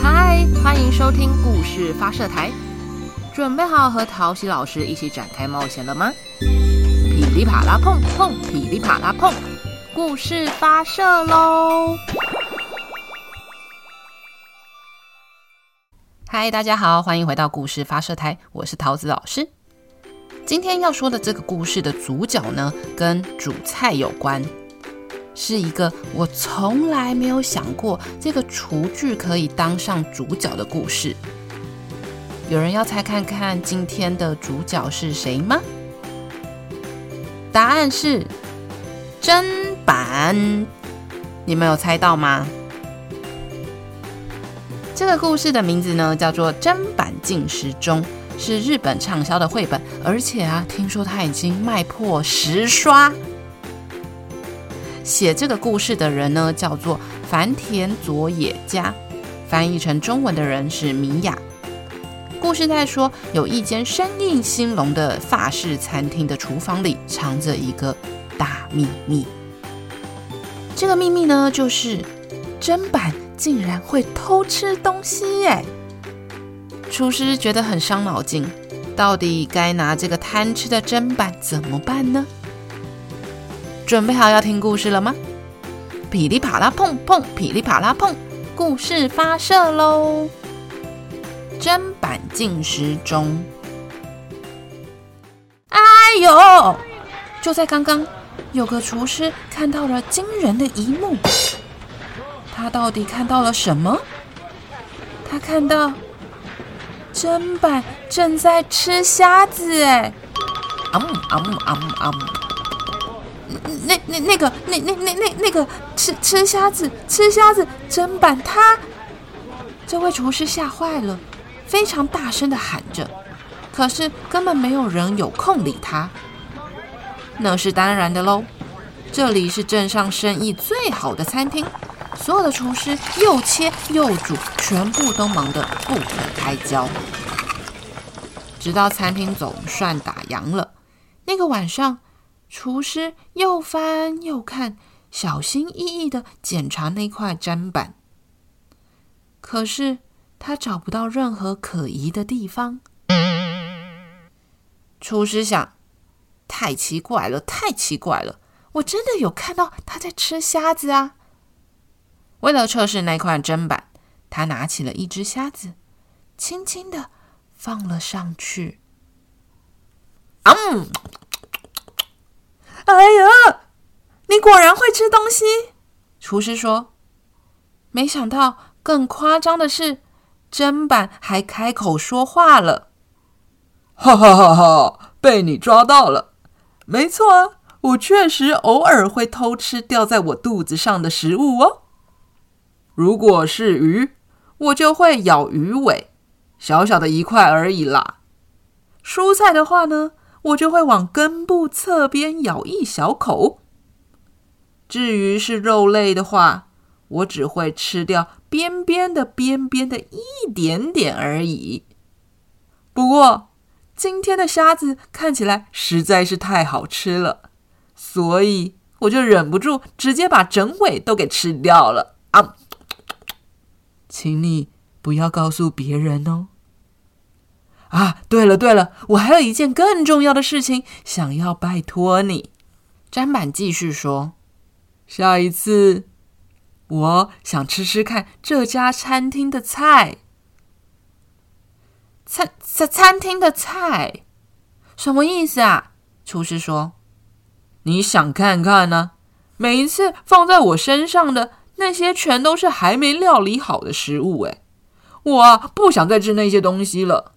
嗨，Hi, 歡迎收聽故事發射台，準備好和桃喜老師一起展開冒險了嗎？噼里啪啦碰碰，噼里啪啦碰，碰，故事發射嘍！嗨，大家好，歡迎回到故事發射台，我是桃子老師。今天要說的這個故事的主角呢，跟主菜有關。是一個我從來沒有想過這個廚具可以當上主角的故事。有人要猜看看今天的主角是誰嗎？答案是砧板，你們有猜到嗎？這個故事的名字呢，叫做《砧板進食中》，是日本暢銷的繪本，而且啊，聽說它已經賣破十刷。寫這個故事的人呢，叫做繁田佐也加，翻譯成中文的人是米雅，故事在說，有一間生意興隆的法式餐廳的廚房裡，藏着一個大秘密。這個秘密呢，就是砧板竟然會偷吃東西誒，廚師覺得很傷腦筋，到底該拿這個貪吃的砧板怎麼辦呢？準備好要聽故事了嗎？噼里啪啦碰碰，噼里啪啦碰，故事發射嘍！砧板進食中。哎呦，就在剛剛，有個廚師看到了驚人的一幕。他到底看到了什麼？他看到砧板正在吃蝦子，欸嗯！啊姆啊姆啊姆啊姆。嗯嗯那那那個那那那那那個吃吃蝦子吃蝦子砧板他！這位廚師嚇壞了，非常大聲地喊着，可是根本沒有人有空理他。那是當然的嘍，這裡是鎮上生意最好的餐廳，所有的廚師又切又煮，全部都忙得不可開交。直到餐廳總算打烊了，那個晚上。廚師又翻又看，小心翼翼的檢查那塊砧板，可是他找不到任何可疑的地方。嗯、廚師想：太奇怪了，太奇怪了！我真的有看到他在吃蝦子啊！為了測試那塊砧板，他拿起了一只蝦子，輕輕的放了上去。嗯哎呀，你果然會吃東西！廚師說：“沒想到更誇張的是，砧板還開口說話了。”哈哈哈哈，哈被你抓到了，沒錯啊，我確實偶爾會偷吃掉在我肚子上的食物哦。如果是魚，我就會咬魚尾，小小的一塊而已啦。蔬菜的話呢？我就會往根部側邊咬一小口。至於是肉類的話，我只會吃掉邊邊的邊邊的一點點而已。不過今天的蝦子看起來實在是太好吃了，所以我就忍不住直接把整尾都給吃掉了啊！請你不要告訴別人哦。啊，對了對了，我還有一件更重要的事情想要拜託你。砧板繼續說：“下一次，我想吃吃看這家餐廳的菜。餐餐餐廳的菜，什麼意思啊？”廚師說：“你想看看呢？每一次放在我身上的那些，全都是還沒料理好的食物。哎，我、啊、不想再吃那些東西了。”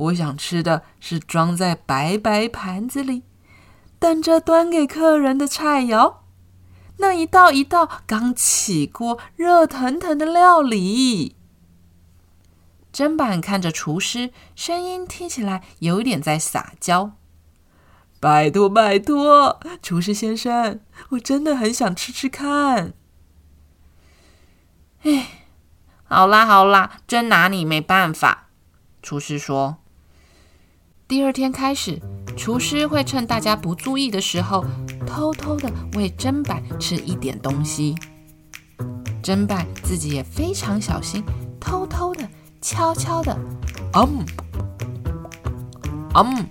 我想吃的是裝在白白盤子裡、等着端給客人的菜肴，那一道一道剛起鍋、熱騰騰的料理。砧板看着廚師，聲音聽起來有點在撒嬌：“拜托拜托，廚師先生，我真的很想吃吃看。唉”“哎，好啦好啦，真拿你沒辦法。”廚師說。第二天開始，廚師會趁大家不注意的時候，偷偷的餵砧板吃一點東西。砧板自己也非常小心，偷偷的、悄悄的，嗯，嗯。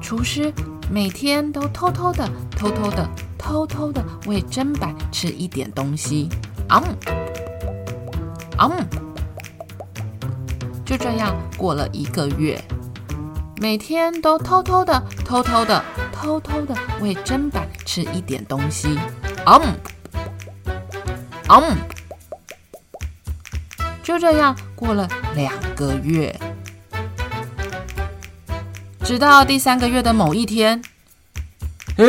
廚師每天都偷偷的、偷偷的、偷偷的餵砧板吃一點東西，嗯，嗯。就這樣過了一個月，每天都偷偷的、偷偷的、偷偷的餵砧板吃一點東西。嗯、um, 嗯、um，就這樣過了兩個月，直到第三個月的某一天，誒？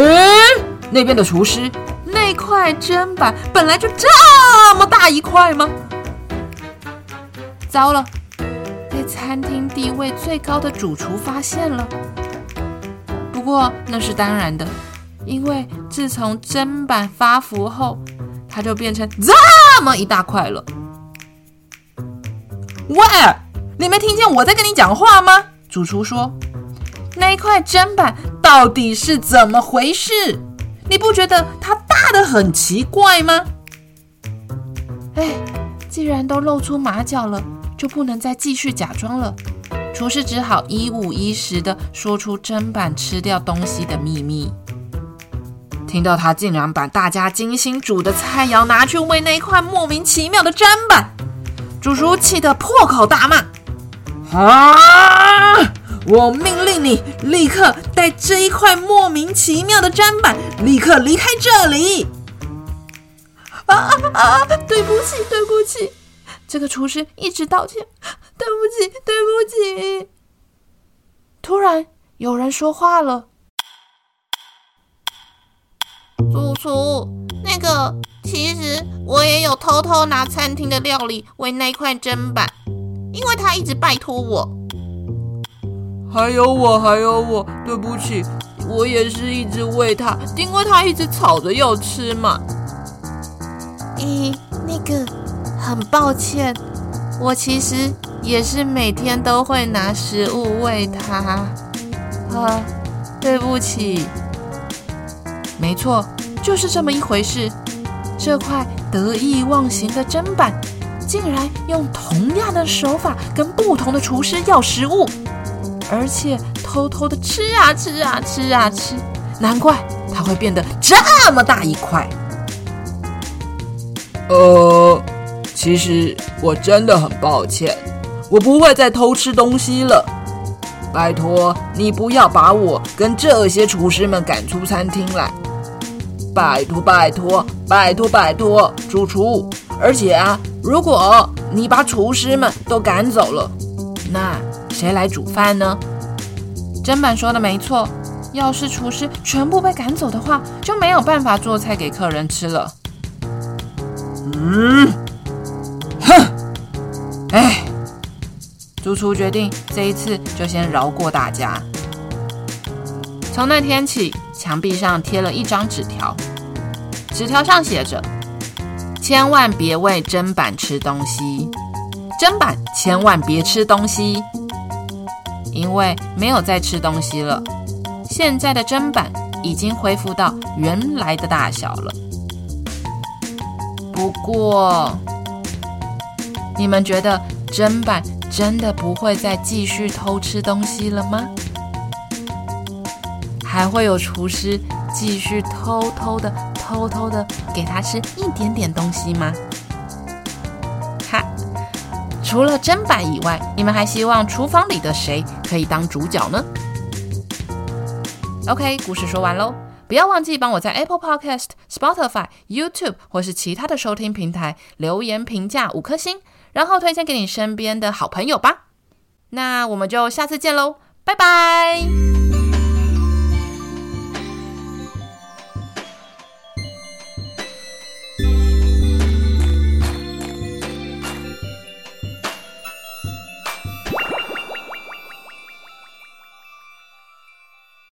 那邊的廚師，那塊砧板本來就這麼大一塊嗎？糟了！被餐廳地位最高的主廚發現了，不過那是當然的，因為自從砧板發福後，它就變成這麼一大塊了。餵，你沒聽見我在跟你講話嗎？主廚說：“那一塊砧板到底是怎麼回事？你不覺得它大得很奇怪嗎？”哎，既然都露出馬腳了。就不能再繼續假裝了，廚師只好一五一十地說出砧板吃掉東西的秘密。聽到他竟然把大家精心煮的菜肴拿去餵那一塊莫名其妙的砧板，主廚氣得破口大罵：“啊！我命令你立刻帶這一塊莫名其妙的砧板立刻離開這裡！”啊啊啊，啊！對不起，對不起。這個廚師一直道歉，對不起，對不起。突然有人說話了：“主廚，那個，其實我也有偷偷拿餐廳的料理餵那塊砧板，因為他一直拜托我。還有我，還有我，對不起，我也是一直餵他，因為他一直吵着要吃嘛。咦，那個。”很抱歉，我其實也是每天都會拿食物餵它。啊，對不起。沒錯，就是這麼一回事。這塊得意忘形的砧板，竟然用同樣的手法跟不同的廚師要食物，而且偷偷的吃啊吃啊吃啊吃，難怪它會變得這麼大一塊。呃。其實我真的很抱歉，我不會再偷吃東西了。拜託你不要把我跟這些廚師們趕出餐廳來，拜託拜託拜託拜託，主廚！而且啊，如果你把廚師們都趕走了，那誰來煮飯呢？砧板說的沒錯，要是廚師全部被趕走的話，就沒有辦法做菜給客人吃了。嗯。主廚決定這一次就先饒過大家。從那天起，牆壁上貼了一張紙條，紙條上寫着：“千萬別餵砧板吃東西，砧板千萬別吃東西，因為沒有再吃東西了。現在的砧板已經恢復到原來的大小了。不過，你們覺得砧板？”真的不會再繼續偷吃東西了嗎？還會有廚師繼續偷偷的、偷偷的給他吃一點點東西嗎？哈！除了砧板以外，你們還希望廚房裡的誰可以當主角呢？OK，故事說完嘍，不要忘記幫我在 Apple Podcast、Spotify、YouTube 或是其他的收聽平台留言評價五顆星。然後推薦給你身邊的好朋友吧。那我們就下次見嘍，拜拜。